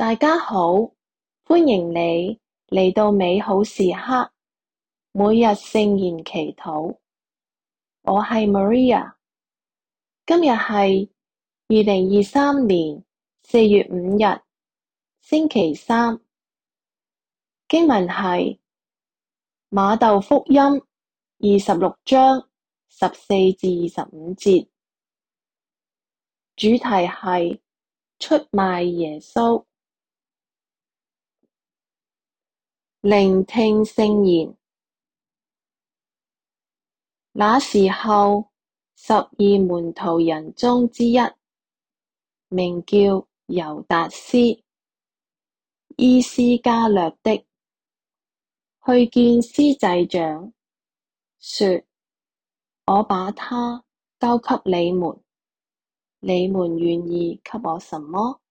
大家好，歡迎你嚟到美好時刻，每日聖言祈禱。我係 Maria，今日係二零二三年四月五日，星期三。經文係馬竇福音二十六章十四至二十五節，主題係出賣耶穌。聆聽聖言。那時候，十二門徒人中之一，名叫猶達斯·伊斯加略的，去見司祭長，說，我把他交給你們，你們願意給我什麼？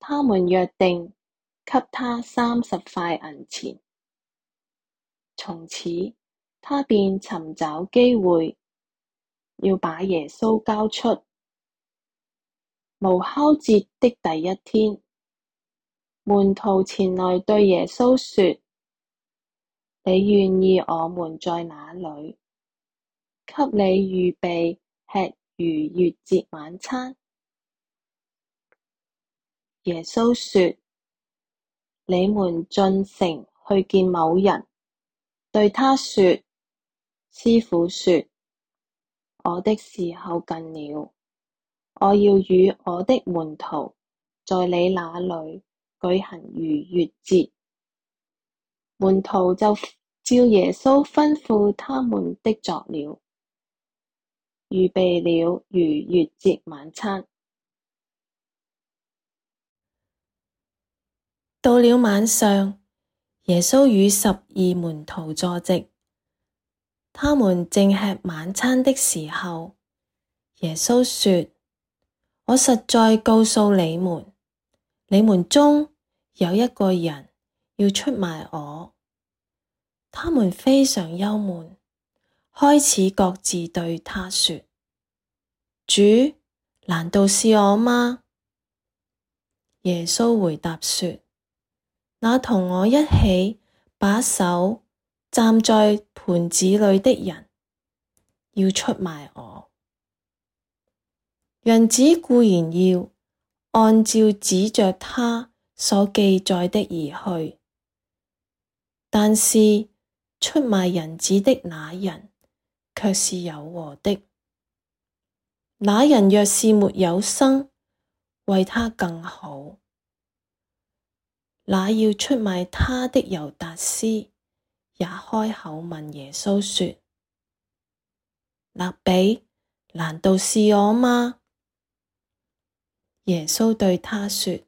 他們約定。給他三十塊銀錢。從此，他便尋找機會要把耶穌交出。無酵節的第一天，門徒前來對耶穌說：「你願意我們在哪裡給你預備吃逾越節晚餐？」耶穌說。你們進城去見某人，對他說：師傅說，我的時候近了，我要與我的門徒在你那裏舉行逾越節。門徒就照耶穌吩咐他們的作了，預備了逾越節晚餐。到了晚上，耶穌與十二門徒坐席。他們正吃晚餐的時候，耶穌說：我實在告訴你們，你們中有一個人要出賣我。他們非常憂悶，開始各自對他說：主，難道是我嗎？耶穌回答說：那同我一起把手蘸在盤子裏的人，要出賣我。人子固然要按照指着他所記載的而去，但是出賣人子的那人卻是有禍的。那人若是沒有生，為他更好。那要出賣他的猶達斯也開口問耶穌說：，辣彼，難道是我嗎？耶穌對他說：，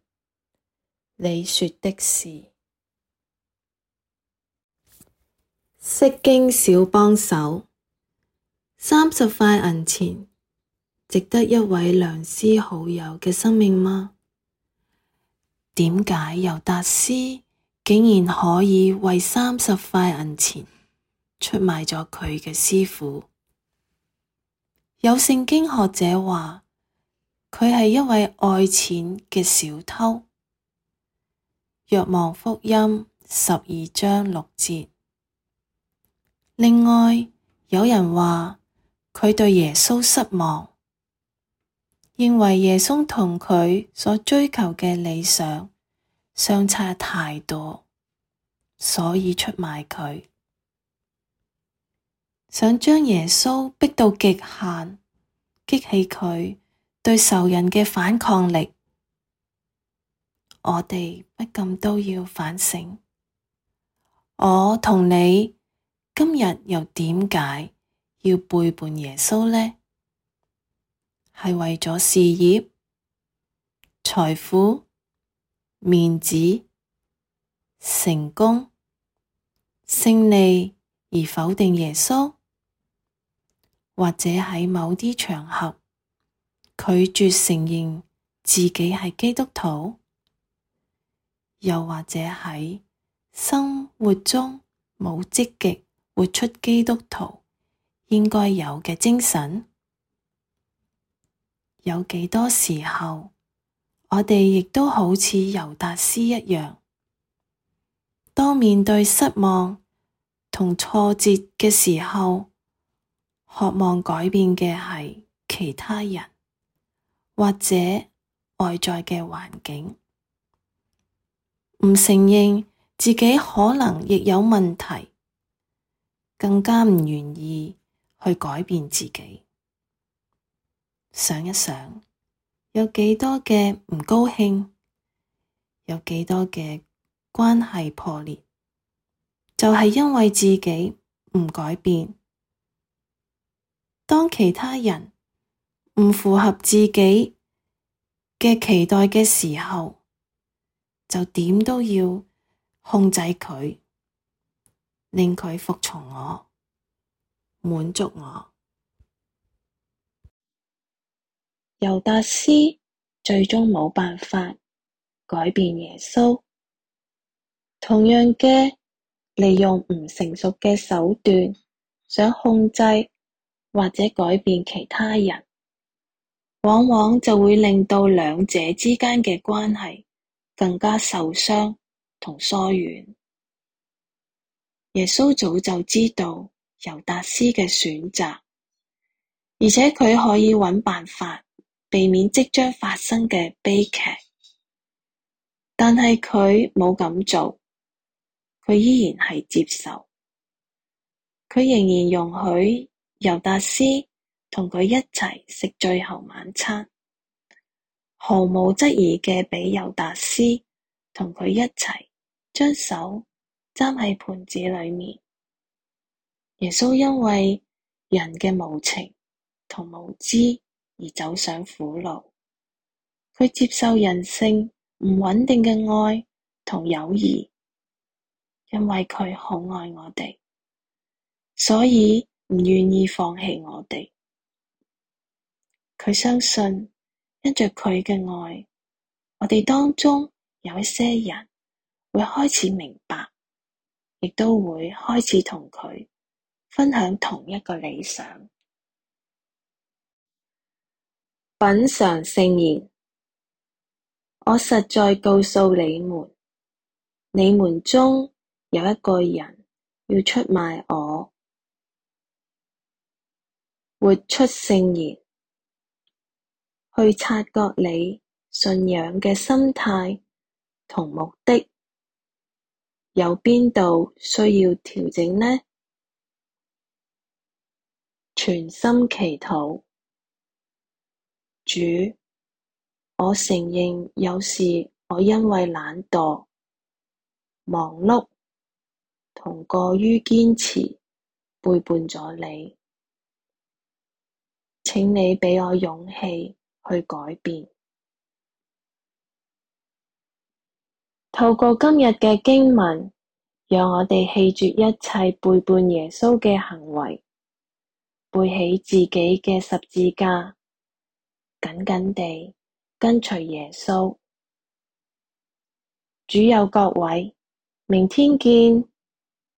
你說的是。釋經小幫手，三十塊銀錢，值得一位良師好友嘅生命嗎？點解猶達斯竟然可以為三十塊銀錢出賣咗佢嘅師傅？有聖經學者話佢係一位愛錢嘅小偷。若望福音十二章六節。另外有人話佢對耶穌失望。認為耶穌同佢所追求嘅理想相差太多，所以出賣佢，想將耶穌逼到極限，激起佢對仇人嘅反抗力。我哋不禁都要反省：我同你今日又點解要背叛耶穌呢？係為咗事業、財富、面子、成功、勝利而否定耶穌，或者喺某啲場合拒絕承認自己係基督徒，又或者喺生活中冇積極活出基督徒應該有嘅精神。有幾多時候，我哋亦都好似猶達斯一樣，當面對失望同挫折嘅時候，渴望改變嘅係其他人或者外在嘅環境，唔承認自己可能亦有問題，更加唔願意去改變自己。想一想，有幾多嘅唔高興，有幾多嘅關係破裂，就係因為自己唔改變。當其他人唔符合自己嘅期待嘅時候，就點都要控制佢，令佢服從我，滿足我。猶達斯最終冇辦法改變耶穌，同樣嘅，利用唔成熟嘅手段想控制或者改變其他人，往往就會令到兩者之間嘅關係更加受傷同疏遠。耶穌早就知道猶達斯嘅選擇，而且佢可以揾辦法。避免即將發生嘅悲劇，但係佢冇咁做，佢依然係接受，佢仍然容許猶達斯同佢一齊食最後晚餐，毫無質疑嘅俾猶達斯同佢一齊將手蘸喺盤子裏面。耶穌因為人嘅無情同無知。而走上苦路，佢接受人性唔穩定嘅愛同友誼，因為佢好愛我哋，所以唔願意放棄我哋。佢相信，因着佢嘅愛，我哋當中有一些人會開始明白，亦都會開始同佢分享同一個理想。品嚐聖言，我實在告訴你們，你們中有一個人要出賣我。活出聖言，去察覺你信仰嘅心態同目的，有邊度需要調整呢？全心祈禱。主，我承認有時我因為懶惰、忙碌同過於堅持，背叛咗你。請你畀我勇氣去改變。透過今日嘅經文，讓我哋棄絕一切背叛耶穌嘅行為，背起自己嘅十字架。緊緊地跟隨耶穌。主有各位，明天見。